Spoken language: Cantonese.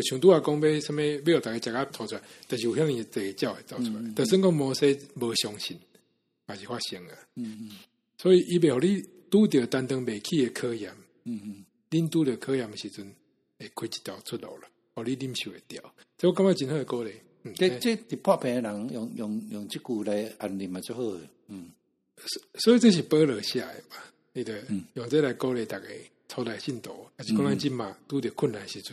拄成講要啥物要逐個食甲吐出來，但是有可能係地會造出來，但、嗯嗯、算講無說無相信，也是發生啊。嗯嗯，所以伊袂互你拄着擔當袂起嘅考驗，嗯嗯，恁拄着考驗嘅時陣，會開一條出路啦。哦，你忍受會掉。所以我感覺真好嘅鼓勵。對、嗯，即啲破病人用用用即句來安利嘛最好。嗯所，嗯所以這是保留下來吧，你對，用呢嚟鼓勵大家拖信徒，多、嗯啊，是講安局嘛，拄着困難時陣。